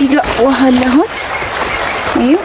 እዚህ ጋር ውሃ አለ። አሁን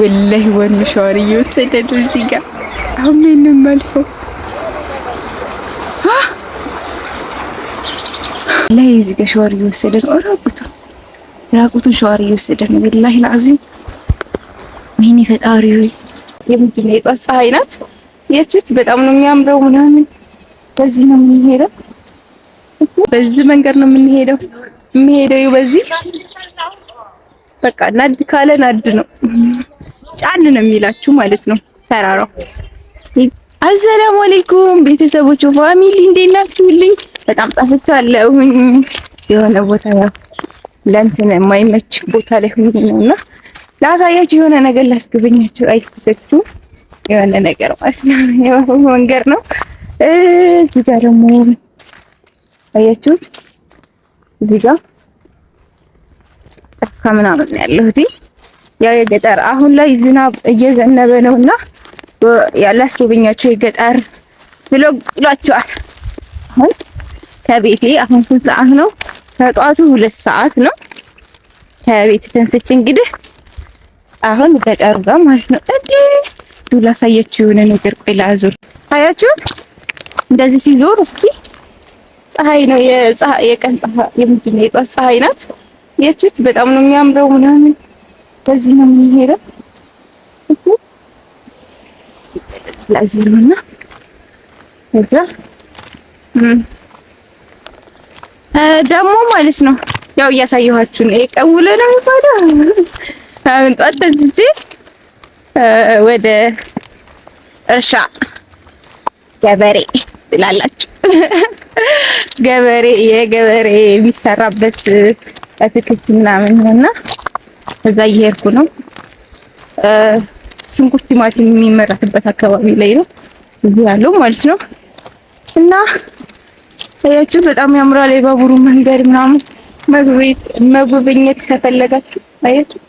ወላሂ ዋን ሻወር እየወሰደ ነው እዚህ ጋር አሁን ምንም አልፈው ላይ እዚህ ጋር ሻወር እየወሰደ ነው። ራቁቱን ራቁቱን ሻወር እየወሰደ ነው። ወላሂ ለአዚም ወይኔ ፈጣሪ ሆይ የምንድን ነው የጧት ፀሐይ ናት። የቱት በጣም ነው የሚያምረው ምናምን። በዚህ ነው የምንሄደው፣ በዚህ መንገድ ነው የምንሄደው። የምሄደው በዚህ በቃ ናድ ካለ ናድ ነው፣ ጫን ነው የሚላችሁ ማለት ነው ተራራው። አሰላሙ አለይኩም ቤተሰቦች ፋሚሊ እንዴት ናችሁልኝ? በጣም ጠፍቻለሁኝ። የሆነ ቦታ ያው ለእንትን የማይመች ቦታ ላይ ሆኜ ነውና ላሳያችሁ፣ የሆነ ነገር ላስጎበኛችሁ አይፈሰችሁም የሆነ ነገር ማለት ነው። የሆነ መንገድ ነው። እዚህ ጋር ደግሞ አያችሁት፣ እዚህ ጋር ጫካ ምናምን ያለው። እዚህ ያው የገጠር አሁን ላይ ዝናብ እየዘነበ ነውና ላስጎበኛችሁ የገጠር ብሎ ብሏቸዋል። አሁን ከቤቴ አሁን ስንት ሰዓት ነው? ከጧቱ ሁለት ሰዓት ነው። ከቤት ተንስቼ እንግዲህ አሁን ገጠሩ ጋር ማለት ነው እንዴ ዱ ላሳያችሁ የሆነ ነገር ቆይ ላዙር አያችሁት እንደዚህ ሲዞር እስኪ ፀሐይ ነው የፀሐይ የቀን ፀሐይ የምንድን ነው የጧት ፀሐይ ናት የችት በጣም ነው የሚያምረው ምናምን በዚህ ነው የምንሄደው ለዚህ ነውና እዛ ደግሞ ማለት ነው ያው እያሳየኋችሁ ነው የቀውለ ነው የሚባለው አሁን ጧት ተዝቼ ወደ እርሻ ገበሬ ትላላችሁ። ገበሬ የገበሬ የሚሰራበት አትክልት ምናምን እና እዛ እየሄድኩ ነው። ሽንኩርት፣ ቲማቲም የሚመረትበት አካባቢ ላይ ነው እዚህ ያለው ማለት ነው። እና አያችሁ በጣም ያምራል የባቡሩ መንገድ ምናምን መጎብኘት ከፈለጋችሁ አያችሁ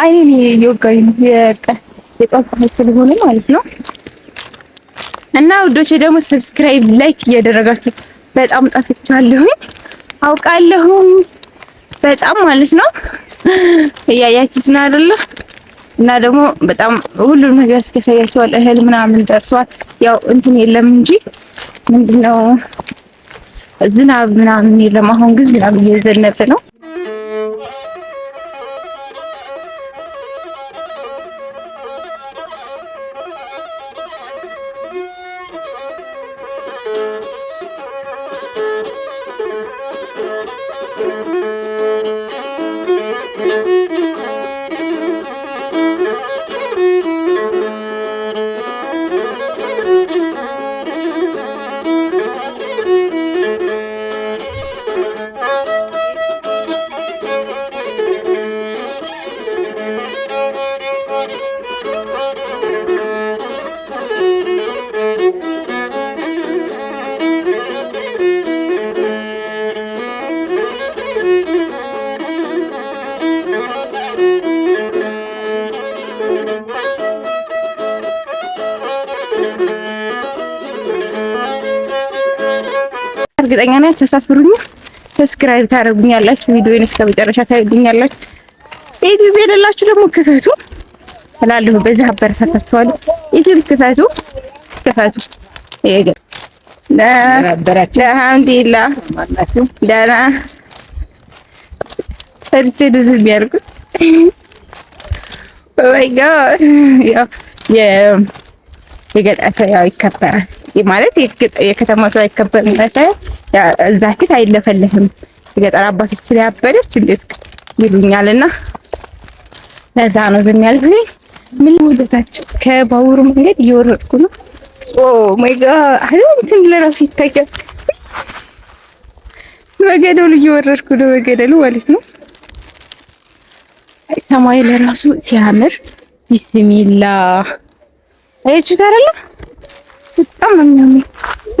አይኔን እየወጋኝ ነው የቀን ፀሐይ ስለሆነ ማለት ነው። እና ውዶቼ ደግሞ ሰብስክራይብ፣ ላይክ እያደረጋችሁ በጣም ጠፍቻለሁኝ አውቃለሁም በጣም ማለት ነው። እያያችሁት ነው አይደለ? እና ደግሞ በጣም ሁሉም ነገር እስከሳያችኋል። እህል ምናምን ደርሷል። ያው እንትን የለም እንጂ ምንድነው ዝናብ ምናምን የለም። አሁን ግን ዝናብ እየዘነበ ነው። እርግጠኛ ነኝ ተሳፍሩኝ፣ ሰብስክራይብ ታደርጉኛላችሁ፣ ቪዲዮውን እስከ መጨረሻ ታዩኛላችሁ። በዩቲዩብ የሌላችሁ ደግሞ ክፈቱ እላለሁ። በዚህ አበረታታችኋለሁ። ዩቲዩብ ክፈቱ፣ ክፈቱ። ይሄ አልሐምዱሊላህ ደስ oh የገጠር ሰው ያው ይከበራል ማለት የከተማ ሰው አይከበርም ሳይሆን እዛ ፊት አይለፈለፍም። የገጠር አባቶች ላይ ያበደች እንዴት ይሉኛልና ለዛ ነው ዝም ያልኩኝ። ምን ወደታች ከባቡሩ መንገድ እየወረድኩ ነው። ኦ ማይ ጋድ አይደል እንትን ለራሱ ይታያል። በገደሉ እየወረድኩ ነው፣ በገደሉ ማለት ነው። ሰማይ ለራሱ ሲያምር ቢስሚላ አይቹ ታረላ በጣም ነው የሚያምር።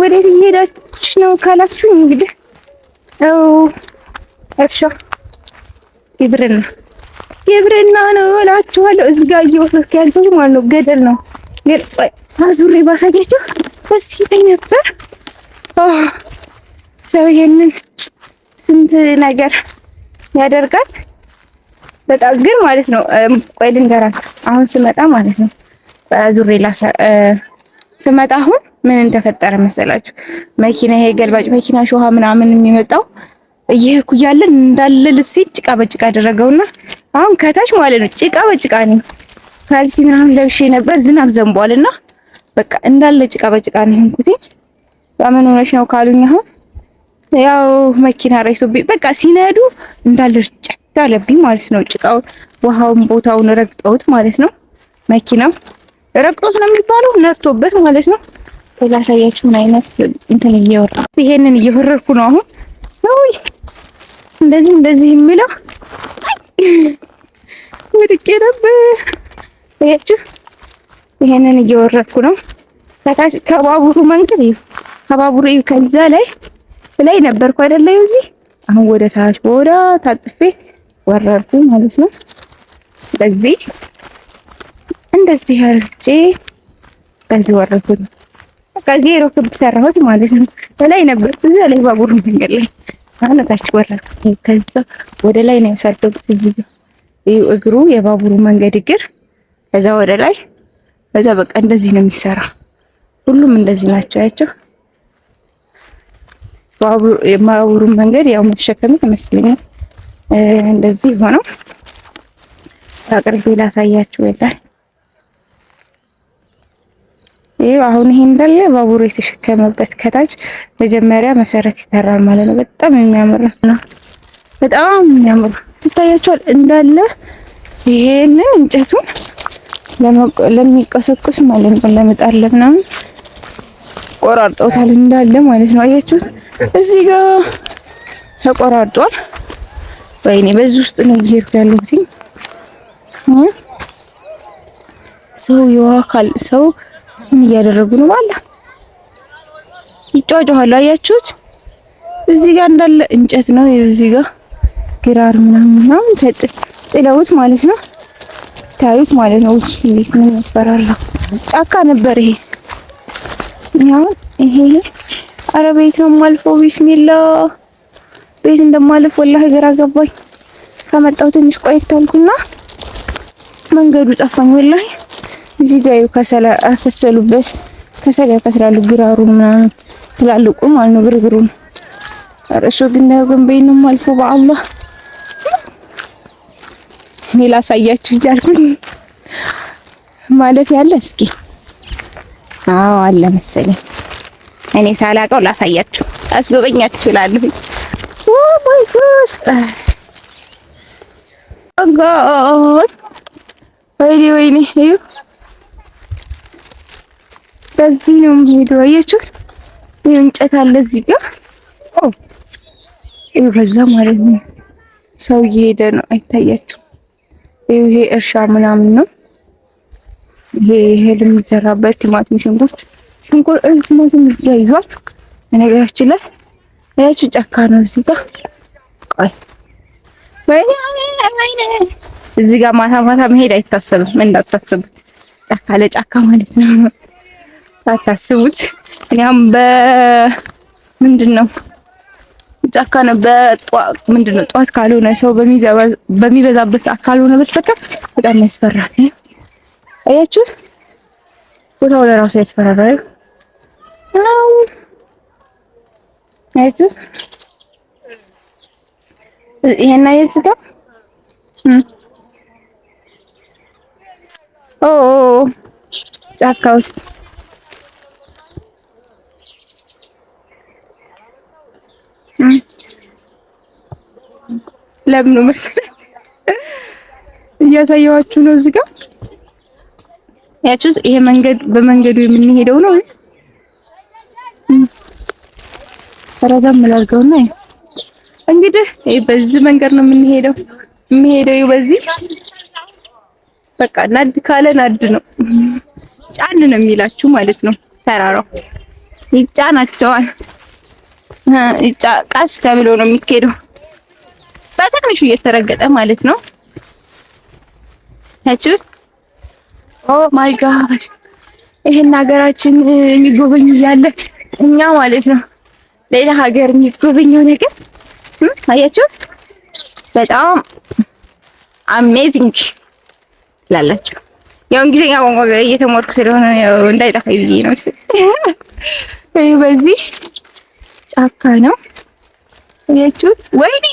ወዴት እየሄዳችሁ ትንሽ ነው ካላችሁ እንግዲህ ያው እርሻ የግብርና የግብርና ነው እላችኋለሁ። እዚህ ጋር እየወሰድኩ ያለሁት ማለት ነው ገደል ነው። ግን አዙሬ ባሳያችሁ ደስ ይለኝ ነበር። ሰው ይሄንን ስንት ነገር ያደርጋል። በጣም ግን ማለት ነው ቆይ ልንገራችሁ። አሁን ስመጣ ማለት ነው አዙሬ ላሳ ስመጣ አሁን ምን ተፈጠረ መሰላችሁ? መኪና ይሄ ገልባጭ መኪና ሾሃ ምናምን የሚመጣው እየሄድኩ ያለ እንዳለ ልብሴ ጭቃ በጭቃ አደረገውና አሁን ከታች ማለት ነው ጭቃ በጭቃ ነው። ካልሲ ምናምን ለብሼ ነበር ዝናብ ዘንቧልና በቃ እንዳለ ጭቃ በጭቃ ነው እንኩት ያምን ሆነሽ ነው ካሉኝ አሁን ያው መኪና ረይሶብኝ በቃ ሲነዱ እንዳለ ርጨት አለብኝ ማለት ነው። ጭቃው ውሃውን ቦታውን ረግጠውት ማለት ነው። መኪናው ረግጦት ነው የሚባለው ነርቶበት ማለት ነው። ላሳያችሁን አይነት እንትን ይሄንን እየወረድኩ ነው አሁን እንደዚህ እንደዚህ የሚለው ወድቄ ነበር ያችሁ ይሄንን እየወረድኩ ነው ከታች ከባቡሩ መንገድ ከባቡሩ ከዛ ላይ ላይ ነበርኩ አይደለ እዚህ አሁን ወደ ታች ታጥፌ ወረድኩ ማለት ነው በዚህ እንደዚህ አርጄ በዚህ ወረድኩ በቃ እዚህ ኤሮፕ ሰራሁት ማለት ነው። በላይ ነበር እዛ ላይ ባቡር መንገድ ላይ አሁን ታች ወረድኩ። ከዛ ወደ ላይ ነው ያሳደጉት። እዚህ እግሩ የባቡሩ መንገድ እግር ከዛ ወደ ላይ ከዛ በቃ እንደዚህ ነው የሚሰራ። ሁሉም እንደዚህ ናቸው ያቸው ባቡሩ መንገድ ያው መሸከም ይመስለኛል እንደዚህ ሆነው አቅርቤ ላሳያችሁ ይላል ይህ አሁን ይሄ እንዳለ ባቡር የተሸከመበት ከታች መጀመሪያ መሰረት ይሰራል ማለት ነው። በጣም የሚያምር ነው። በጣም የሚያምር ትታያቸዋል። እንዳለ ይሄንን እንጨቱን ለሚቀሰቅስ ማለት ነው፣ ለምጣድ ለምናምን ቆራርጠውታል እንዳለ ማለት ነው። አያችሁት? እዚህ ጋር ተቆራርጧል። ወይኔ በዚህ ውስጥ ነው እየሄድኩ ያለሁት ሰው ይዋካል ሰው ምን እያደረጉ ነው? ባላ ይጫጫኋሉ። አያችሁት? እዚህ ጋር እንዳለ እንጨት ነው። እዚህ ጋር ግራር ምናምን ምናምን ጥለውት ማለት ነው። ታዩት ማለት ነው። ውጭ እንዴት ነው ጫካ ነበር ይሄ። ያው ይሄ አረ ቤት ነው ማልፎ። ቢስሚላ ቤት እንደማልፍ ወላሂ ግራ ገባኝ። ከመጣው ትንሽ ቆይታልኩና መንገዱ ጠፋኝ ወላሂ እዚህ ጋር ከሰላ አፈሰሉበት ከሰላ ያከስላሉ ግራሩን ምናምን ትላልቁ ማለት ነው ግርግሩን እርሱ ግን ገንበይ ነው አልፎ በአላህ እኔ ላሳያችሁ እያልኩኝ ማለፍ ያለ እስኪ አዎ አለ መሰለኝ። እኔ ሳላቀው ላሳያችሁ አስጎበኛችሁ እላለሁ። ኦ ማይ ጋድ ወይኔ ወይኔ በዚህ ነው የሚሄደው። አያችሁት? እንጨት አለ እዚህ ጋር ኦ በዛ ማለት ነው። ሰው እየሄደ ነው አይታያችሁ? ይሄ እርሻ ምናምን ነው። ይሄ እህል የሚዘራበት ቲማቲም፣ ሽንኩርት ሽንኩርት እንትማትም ይዟል። በነገራችን ላይ አያችሁ ጫካ ነው እዚህ ጋር እዚህ ጋር ማታ ማታ መሄድ አይታሰብም፣ እንዳታስቡት ጫካ ለጫካ ማለት ነው። አታስቡት። እኛም በምንድን ነው ጫካ ነው በጧት ምንድን ነው ጧት ካልሆነ ሰው በሚበዛበት ሰዓት ካልሆነ በስተቀር በጣም ያስፈራል። አያችሁት? ቦታው ለራሱ ያስፈራራል። አይተህ ይሄን አይተህ ኦ ጫካ ውስጥ ለምን መሰለህ እያሳየኋችሁ ነው። እዚህ ጋር ያችሁስ ይሄ መንገድ በመንገዱ የምንሄደው ነው። ረዘም ላድርገውና እንግዲህ ይሄ በዚህ መንገድ ነው የምንሄደው የምሄደው በዚህ በቃ ናድ ካለ ናድ ነው። ጫን ነው የሚላችሁ ማለት ነው። ተራራው ይጫናቸዋል። ቀስ ተብሎ ነው የሚሄደው። በትንሹ እየተረገጠ ማለት ነው። ታችሁት ኦ ማይ ጋድ ይሄን ሀገራችን የሚጎበኝ እያለ እኛ ማለት ነው ሌላ ሀገር የሚጎበኘው ነገር አያችሁት። በጣም አሜዚንግ ላላችሁ ያው እንግሊዝኛ ቋንቋ እየተሞርኩ ስለሆነ እንዳይጠፋ ብዬ ነው። በዚህ ጫካ ነው አያችሁት። ወይኔ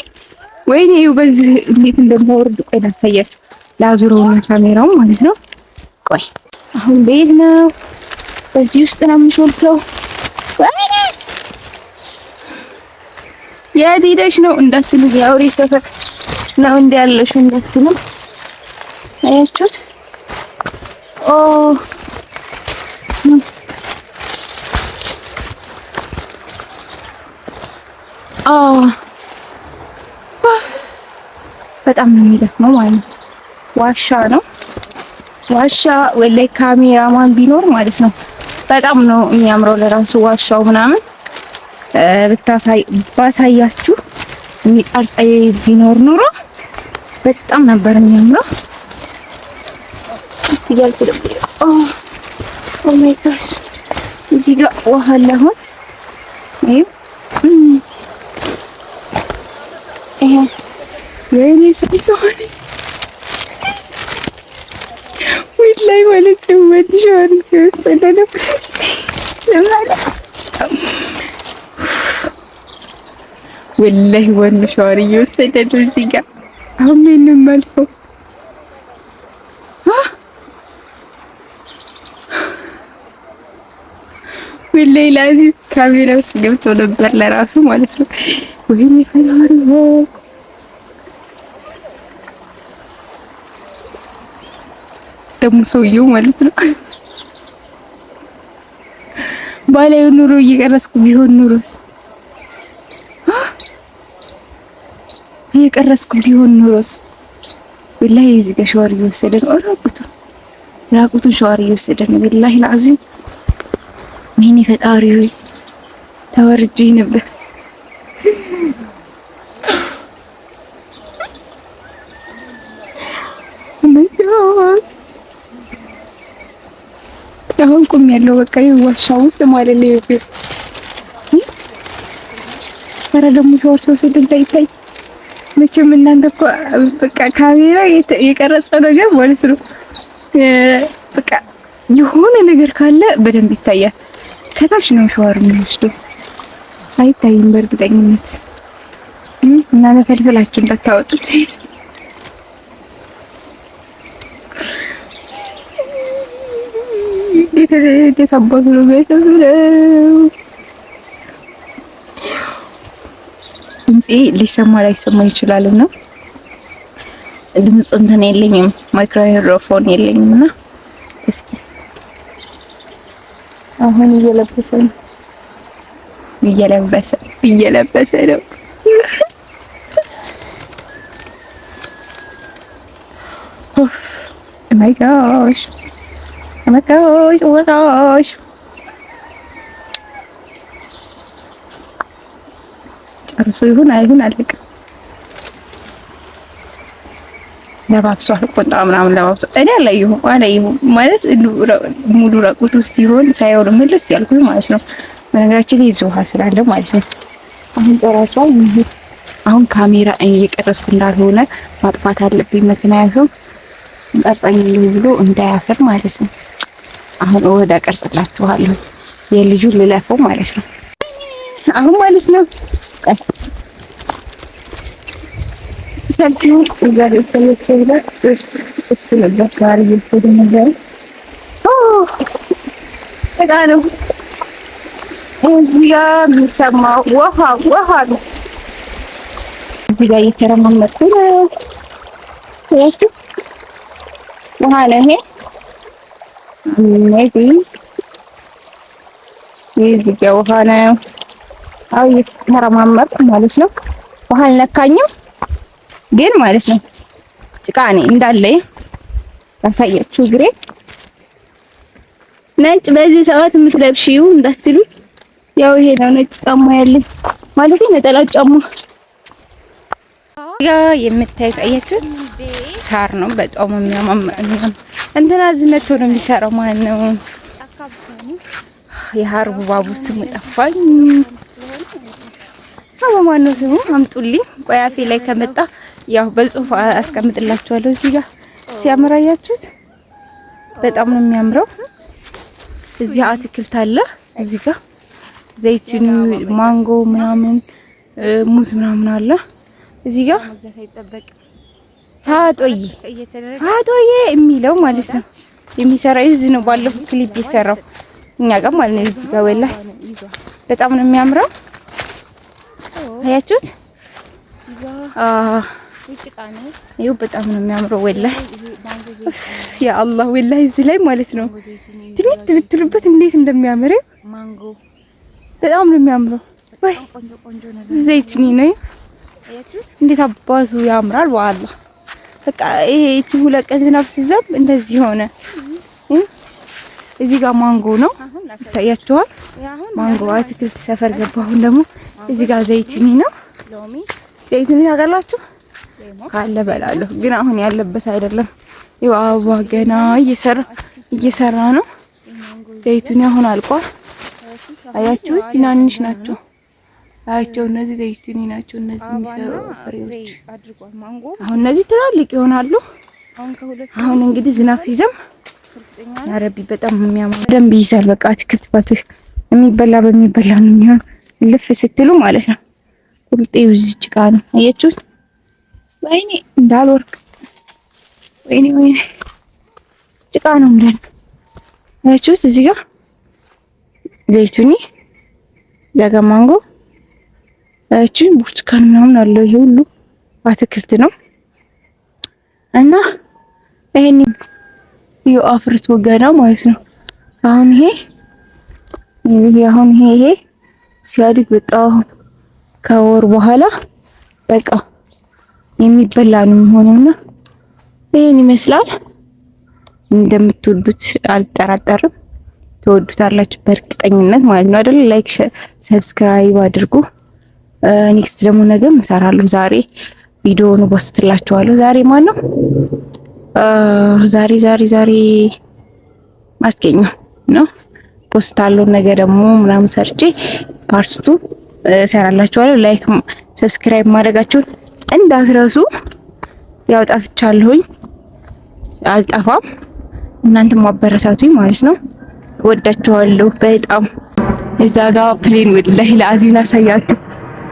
ወይኔ በዚህ እንዴት እንደማወርድ ቆይ ላሳያችሁ። ለአዙሮ ካሜራው ማለት ነው። ቆይ አሁን ቤት ነው? በዚህ ውስጥ ነው የምሾልከው። ወይኔ የት ሄደሽ ነው እንዳትሉ፣ የአውሬ ሰፈር ነው እንደ ያለሽው እንዳትሉ። አያችሁት? ኦ አዎ በጣም ነው የሚደክመው ማለት ነው። ዋሻ ነው ዋሻ ወላይ ካሜራማን ቢኖር ማለት ነው በጣም ነው የሚያምረው ለራሱ ዋሻው ምናምን ብታሳይ ባሳያችሁ የሚቀርጸይ ቢኖር ኑሮ በጣም ነበር የሚያምረው። እዚህ ጋር ደግሞ ኦ ኦ ማይ ጋድ እዚህ ጋር ውሃ አለ አሁን ስለሆነ ወይት ላይ ማለት ነው ወዲሻን ሰደደም ወላሂ ዋን ሻወር እየወሰደ ነው። እዚህ ጋር አሁን ምንም አልፈው ወላሂ ላዚ ካሜራ ውስጥ ገብቶ ነበር ለራሱ ማለት ነው። ወይኔ ፈላሪ ደግሞ ሰውየው ማለት ነው። ባላዩ ኑሮ እየቀረስኩ ቢሆን ኑሮ እየቀረስኩ ቢሆን ኑሮስ ወላሂ እዚህ ጋር ሸዋር እየወሰደ ነው። ራቁቱን ራቁቱን ሸዋር እየወሰደ ነው። ወላሂ ለአዚም ወይኔ ፈጣሪ ሆይ ተወርጄ ነበር። አሁን ቁም ያለው በቃ ዋሻ ውስጥ ማለት ነው። ቤት ውስጥ ኧረ ደግሞ ሻወር ስወስድ እንዳይታይ መቼም እናንተ እኮ በቃ ካሜራ የቀረጸው ነገር ማለት ነው በቃ የሆነ ነገር ካለ በደንብ ይታያል። ከታች ነው ሻወር የሚወስዱ አይታይም በእርግጠኝነት እና ተፈልፍላችሁ እንዳታወጡት። እንዴት አባቱ ነው ቤተሰብ ሊሰማ ላይሰማ ይችላል እና ድምፅ እንትን የለኝም ማይክሮፎን የለኝም እና እስኪ አሁን እየለበሰ ነው እየለበሰ እየለበሰ ነው። ማይ ጋሽ መጣሽ ወጣሽ ጨርሶ ይሁን አይሁን አለቅ ምናምን እኔ ማለት ሙሉ ሲሆን ሳይሆን ማለት ነው። በነገራችን ላይ እዚህ ውሃ ስላለ ማለት ነው። አሁን አሁን ካሜራ እየቀረስኩ እንዳልሆነ ማጥፋት አለብኝ። ምክንያቱም ቀርጻኝ ብሎ እንዳያፍር ማለት ነው። አሁን ወደ ቀርጽላችኋለሁ የልጁ ልለፈው ማለት ነው። አሁን ማለት ነው ሰልፊው ዛሬ ተለጨ ነበር ጋር እየሄደ ነበር። ኦ ነው እዚህ የሚሰማ ውሃ ውሃ ነው። እዚህ ጋር እየተረማመድኩ ነው። ውሃ ነው ይሄ እነዚህ እዚህ ጋር ውሃ ነው። አው እየተረማመጥኩ ማለት ነው። ውሃ አልነካኝም ግን ማለት ነው ጭቃ ነኝ እንዳለ ያሳያችሁ እግሬ ነጭ በዚህ ሰዓት የምትለብሺው እንዳትሉ፣ ያው ይሄ ነው ነጭ ጫማ ያለኝ ማለት ነጠላ ጫማ ጋ የምታይ አያችሁት፣ ሳር ነው በጣም የሚያማምር እንትና እዚህ መቶ ነው የሚሰራው። ማን ነው የሀርቡ ባቡ ስሙ ጠፋኝ። አዎ ማን ነው ስሙ? አምጡልኝ። ቆያፌ ላይ ከመጣ ያው በጽሁፍ አስቀምጥላችኋለሁ። እዚህ ጋር ሲያምር አያችሁት? በጣም ነው የሚያምረው። እዚህ አትክልት አለ። እዚህ ጋር ዘይቱን፣ ማንጎ ምናምን፣ ሙዝ ምናምን አለ እዚህ ጋር ፋጦዬ ፋጦዬ የሚለው ማለት ነው የሚሰራው እዚህ ነው። ባለፈው ክሊፕ የሰራው እኛ ጋር ማለት ነው። እዚህ ጋር ወላ በጣም ነው የሚያምረው። አያችሁት? ይኸው በጣም ነው የሚያምረው ወላ ያ አላህ እዚህ ላይ ማለት ነው ትንሽ ብትሉበት እንዴት እንደሚያምር በጣም ነው የሚያምረው። ወይ ዘይቱኒ ነው እንዴት አባቱ ያምራል። ወአላህ በቃ ይሄ እቺ ሁለት ቀን ዝናብ ሲዘንብ እንደዚህ ሆነ። እዚህ ጋር ማንጎ ነው ይታያችኋል። ማንጎ አትክልት ሰፈር ገባ። አሁን ደግሞ እዚህ ጋር ዘይቱኒ ነው። ዘይቱኒ ታውቃላችሁ ካለ በላለሁ፣ ግን አሁን ያለበት አይደለም። ይኸው አበባ ገና እየሰራ እየሰራ ነው። ዘይቱኒ አሁን አልቋል። አያችሁት? ትናንሽ ናቸው። አያቸው እነዚህ ዘይቱኒ ናቸው። እነዚህ የሚሰሩ ፍሬዎች አሁን እነዚህ ትላልቅ ይሆናሉ። አሁን እንግዲህ ዝናብ ይዘም ያረቢ በጣም የሚያምር በደንብ ይይዛል። በቃ ባት የሚበላ በሚበላ ነው የሚሆን ልፍ ስትሉ ማለት ነው። ቁልጤው እዚህ ጭቃ ነው አያችሁት። ወይኔ እንዳልወርቅ ወይኔ ወይኔ ጭቃ ነው እንዳል አያችሁት። እዚህ ጋር ዘይቱኒ ዘጋ ማንጎ እቺ ብርቱካን ምናምን አለው። ይሄ ሁሉ አትክልት ነው እና ይሄን ይሄ አፍርቶ ገና ማለት ነው። አሁን ይሄ አሁን ይሄ ይሄ ሲያድግ በጣም ከወር በኋላ በቃ የሚበላ ነው የሚሆነውና ይሄን ይመስላል። እንደምትወዱት አልጠራጠርም። ትወዱታላችሁ በእርግጠኝነት ማለት ነው አይደል? ላይክ ሰብስክራይብ አድርጉ። ኔክስት ደግሞ ነገ እሰራለሁ። ዛሬ ቪዲዮውን ወስትላችኋለሁ። ዛሬ ማን ነው? ዛሬ ዛሬ ዛሬ ማስገኘ ነው ፖስታለሁ። ነገ ደግሞ ምናምን ሰርቼ ፓርቲቱ እሰራላችኋለሁ። ላይክ ሰብስክራይብ ማድረጋችሁን እንዳትረሱ። ያው ጠፍቻለሁኝ፣ አልጠፋም። እናንተ ማበረታቱኝ ማለት ነው። ወዳችኋለሁ በጣም እዛ ጋር ፕሌን ወላሂ ለአዚም ላሳያችሁ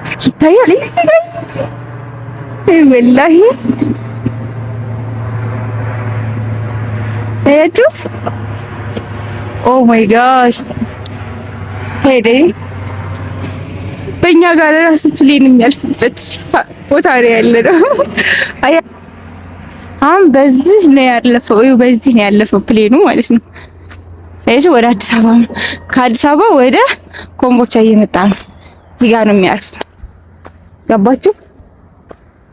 እስኪ ይታያል። እዚህ ጋር ወላሂ አያችሁት? ኦ ማይ ጋድ ሄዴ በእኛ ጋር ራሱ ፕሌን የሚያልፍበት ቦታ ላይ ያለ ነው። አሁን በዚህ ነው ያለፈው፣ በዚህ ነው ያለፈው ፕሌኑ ማለት ነው። እሺ ወደ አዲስ አበባ ከአዲስ አበባ ወደ ኮምቦልቻ እየመጣ ነው። እዚህ ጋር ነው የሚያርፍ። ገባችሁ?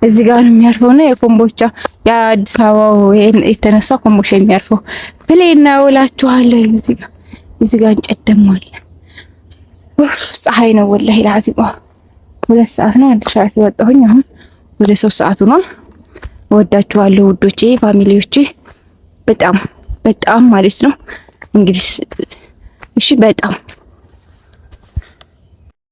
እዚህ ጋር ነው የሚያርፈው ነው የኮምቦልቻ የአዲስ አበባው የተነሳ ኮምቦልቻ የሚያርፈው ፕሌን ነው እላችኋለሁ። እዚህ ጋር እዚህ ጋር እንጨት ደግሞ አለ። ኡፍ ፀሐይ ነው ወላሂ ላዚም። ሁለት ሰዓት ነው አዲስ ሰዓት የወጣሁኝ አሁን ወደ ሶስት ሰዓቱ ነው። ወዳችኋለሁ ውዶቼ፣ ፋሚሊዎቼ በጣም በጣም ማለት ነው እንግዲህ እሺ በጣም